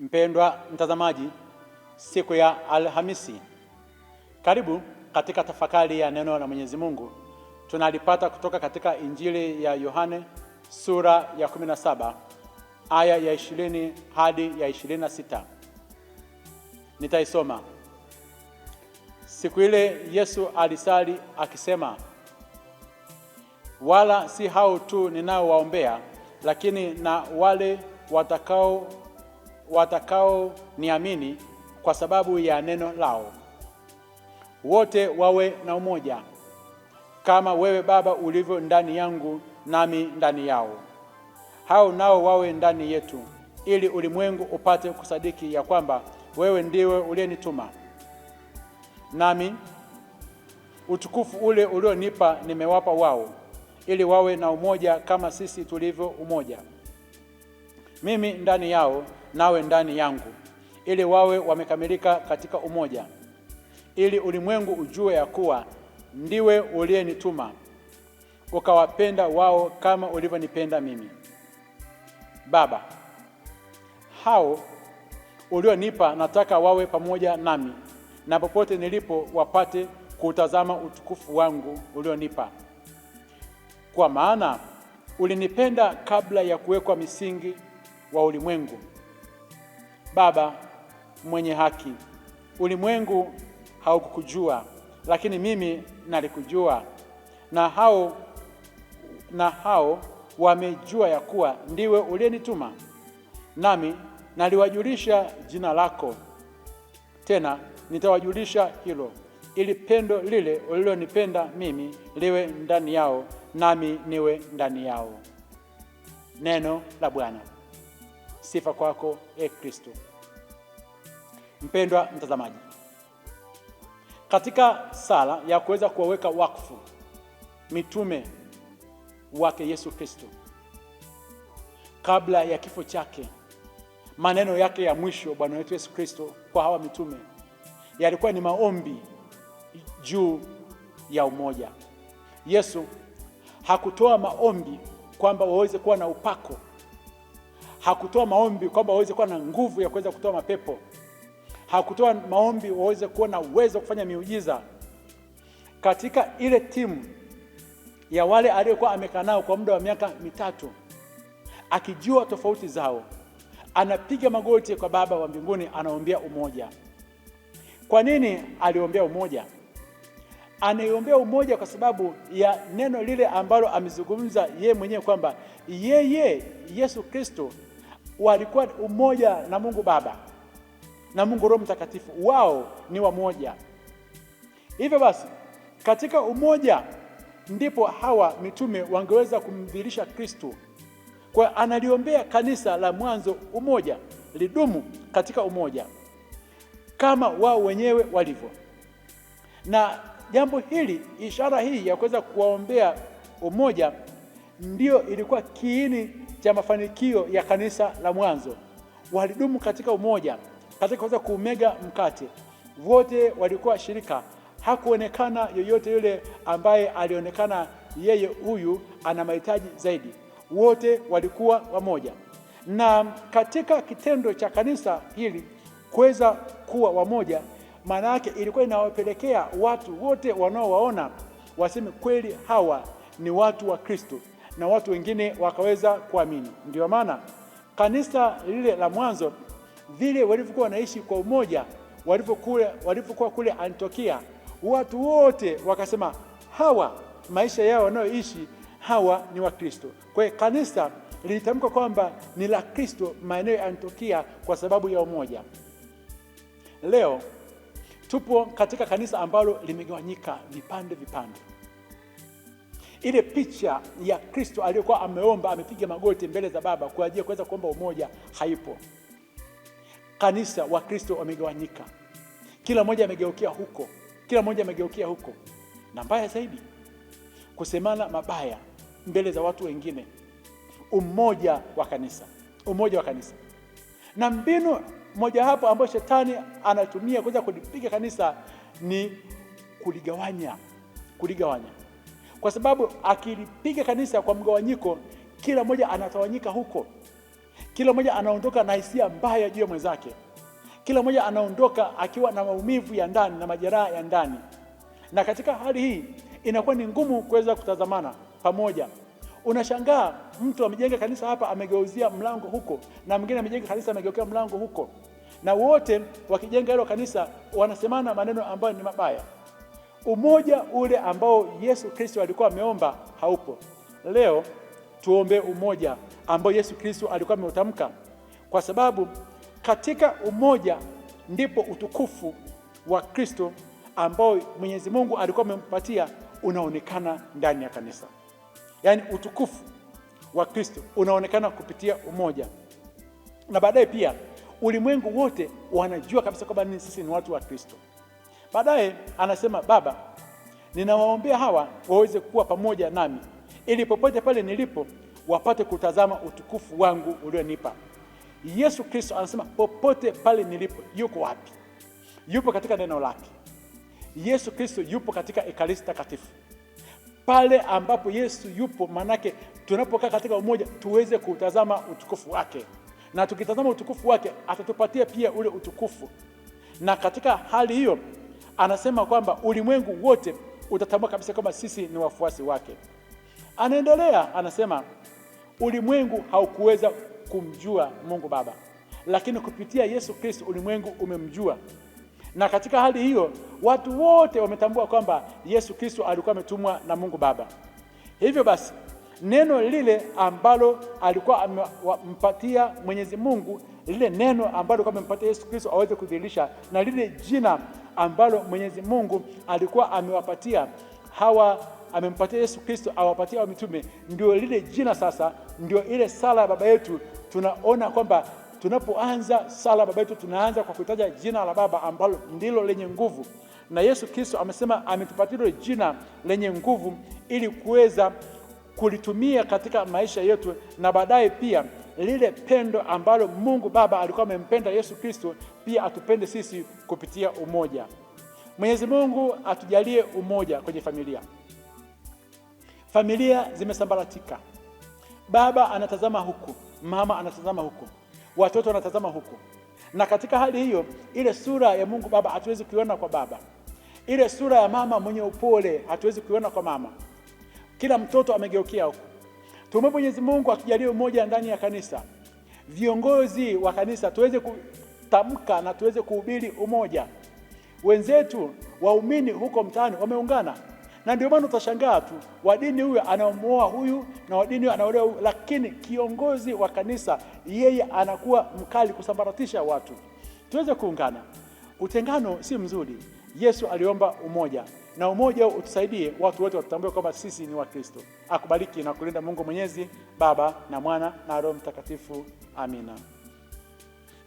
Mpendwa mtazamaji, siku ya Alhamisi, karibu katika tafakari ya neno la Mwenyezi Mungu. Tunalipata kutoka katika Injili ya Yohane sura ya 17 aya ya 20 hadi ya 26. Nitaisoma. Siku ile Yesu alisali akisema, wala si hao tu ninaowaombea, lakini na wale watakao watakaoniamini kwa sababu ya neno lao, wote wawe na umoja, kama wewe Baba ulivyo ndani yangu nami ndani yao, hao nao wawe ndani yetu, ili ulimwengu upate kusadiki ya kwamba wewe ndiwe uliyenituma. Nami utukufu ule ulionipa nimewapa wao, ili wawe na umoja kama sisi tulivyo umoja, mimi ndani yao nawe ndani yangu, ili wawe wamekamilika katika umoja, ili ulimwengu ujue ya kuwa ndiwe uliyenituma ukawapenda wao kama ulivyonipenda mimi. Baba, hao ulionipa nataka wawe pamoja nami na popote nilipo wapate kuutazama utukufu wangu ulionipa, kwa maana ulinipenda kabla ya kuwekwa misingi wa ulimwengu. Baba mwenye haki, ulimwengu haukukujua, lakini mimi nalikujua, na hao na hao wamejua ya kuwa ndiwe uliyenituma. Nami naliwajulisha jina lako, tena nitawajulisha hilo, ili pendo lile ulilonipenda mimi liwe ndani yao, nami niwe ndani yao. Neno la Bwana. Sifa kwako e Kristo. Mpendwa mtazamaji, katika sala ya kuweza kuwaweka wakfu mitume wake Yesu Kristo kabla ya kifo chake, maneno yake ya mwisho Bwana wetu Yesu Kristo kwa hawa mitume yalikuwa ni maombi juu ya umoja. Yesu hakutoa maombi kwamba waweze kuwa na upako hakutoa maombi kwamba waweze kuwa na nguvu ya kuweza kutoa mapepo, hakutoa maombi waweze kuwa na uwezo wa kufanya miujiza. Katika ile timu ya wale aliyokuwa amekaa nao kwa muda wa miaka mitatu, akijua tofauti zao, anapiga magoti kwa Baba wa mbinguni, anaombea umoja. Kwa nini aliombea umoja? Anaiombea umoja kwa sababu ya neno lile ambalo amezungumza yeye mwenyewe kwamba yeye Yesu Kristo walikuwa umoja na Mungu Baba na Mungu Roho Mtakatifu, wao ni wamoja. Hivyo basi katika umoja ndipo hawa mitume wangeweza kumdhihirisha Kristo. Kwa analiombea kanisa la mwanzo umoja, lidumu katika umoja kama wao wenyewe walivyo. Na jambo hili, ishara hii ya kuweza kuwaombea umoja, ndiyo ilikuwa kiini cha mafanikio ya kanisa la mwanzo. Walidumu katika umoja, katika kuweza kuumega mkate. Wote walikuwa shirika, hakuonekana yoyote yule ambaye alionekana yeye huyu ana mahitaji zaidi. Wote walikuwa wamoja, na katika kitendo cha kanisa hili kuweza kuwa wamoja, maana yake ilikuwa inawapelekea watu wote wanaowaona waseme kweli hawa ni watu wa Kristo na watu wengine wakaweza kuamini. Ndio maana kanisa lile la mwanzo vile walivyokuwa wanaishi kwa umoja, walivyokuwa kule Antiokia, watu wote wakasema hawa maisha yao wanayoishi hawa ni Wakristo. Kwa hiyo kanisa lilitamka kwamba ni la Kristo maeneo ya Antiokia kwa sababu ya umoja. Leo tupo katika kanisa ambalo limegawanyika vipande vipande ile picha ya Kristo aliyokuwa ameomba amepiga magoti mbele za Baba kwa ajili ya kuweza kuomba umoja haipo. Kanisa wa Kristo wamegawanyika, kila mmoja amegeukia huko, kila mmoja amegeukia huko, na mbaya zaidi kusemana mabaya mbele za watu wengine. Umoja wa kanisa, umoja wa kanisa. Na mbinu mojawapo ambayo shetani anatumia kuweza kulipiga kanisa ni kuligawanya, kuligawanya kwa sababu akilipiga kanisa kwa mgawanyiko, kila mmoja anatawanyika huko, kila mmoja anaondoka na hisia mbaya juu ya mwenzake, kila mmoja anaondoka akiwa na maumivu ya ndani na majeraha ya ndani, na katika hali hii inakuwa ni ngumu kuweza kutazamana pamoja. Unashangaa mtu amejenga kanisa hapa, amegeuzia mlango huko, na mwingine amejenga kanisa, amegeukea mlango huko, na wote wakijenga hilo kanisa wanasemana maneno ambayo ni mabaya. Umoja ule ambao Yesu Kristo alikuwa ameomba haupo leo. Tuombe umoja ambao Yesu Kristo alikuwa ameutamka, kwa sababu katika umoja ndipo utukufu wa Kristo ambao Mwenyezi Mungu alikuwa amempatia unaonekana ndani ya kanisa. Yaani utukufu wa Kristo unaonekana kupitia umoja, na baadaye pia ulimwengu wote wanajua kabisa kwamba sisi ni watu wa Kristo. Baadaye anasema Baba, ninawaombea hawa waweze kuwa pamoja nami, ili popote pale nilipo wapate kutazama utukufu wangu ulionipa. Yesu Kristo anasema popote pale nilipo. Yuko wapi? Yupo katika neno lake. Yesu Kristo yupo katika Ekaristi Takatifu. Pale ambapo Yesu yupo, manake tunapokaa katika umoja tuweze kutazama utukufu wake, na tukitazama utukufu wake atatupatia pia ule utukufu, na katika hali hiyo anasema kwamba ulimwengu wote utatambua kabisa kwamba sisi ni wafuasi wake. Anaendelea anasema ulimwengu haukuweza kumjua Mungu Baba, lakini kupitia Yesu Kristo ulimwengu umemjua, na katika hali hiyo watu wote wametambua kwamba Yesu Kristo alikuwa ametumwa na Mungu Baba. Hivyo basi neno lile ambalo alikuwa amempatia Mwenyezi Mungu, lile neno ambalo alikuwa amempatia Yesu Kristo aweze kudhihirisha, na lile jina ambalo Mwenyezi Mungu alikuwa amewapatia hawa amempatia Yesu Kristo awapatia wa mitume, ndio lile jina sasa, ndio ile sala ya Baba yetu. Tunaona kwamba tunapoanza sala ya Baba yetu tunaanza kwa kutaja jina la Baba ambalo ndilo lenye nguvu, na Yesu Kristo amesema ametupatia jina lenye nguvu ili kuweza kulitumia katika maisha yetu, na baadaye pia lile pendo ambalo Mungu Baba alikuwa amempenda Yesu Kristo, pia atupende sisi kupitia umoja. Mwenyezi Mungu atujalie umoja kwenye familia. Familia zimesambaratika, baba anatazama huku, mama anatazama huku, watoto wanatazama huku, na katika hali hiyo ile sura ya Mungu Baba hatuwezi kuiona kwa baba, ile sura ya mama mwenye upole hatuwezi kuiona kwa mama kila mtoto amegeukia huko. tumwe Mwenyezi Mungu akijalie umoja ndani ya kanisa, viongozi wa kanisa tuweze kutamka na tuweze kuhubiri umoja. Wenzetu waumini huko mtaani wameungana, na ndio maana utashangaa tu wa dini huyu anamuoa huyu na wa dini huyu anaolewa huyu, lakini kiongozi wa kanisa yeye anakuwa mkali kusambaratisha watu. Tuweze kuungana, utengano si mzuri. Yesu aliomba umoja na umoja utusaidie watu wote watutambue kwamba sisi ni Wakristo. Akubariki na kulinda Mungu Mwenyezi, Baba na Mwana na Roho Mtakatifu. Amina.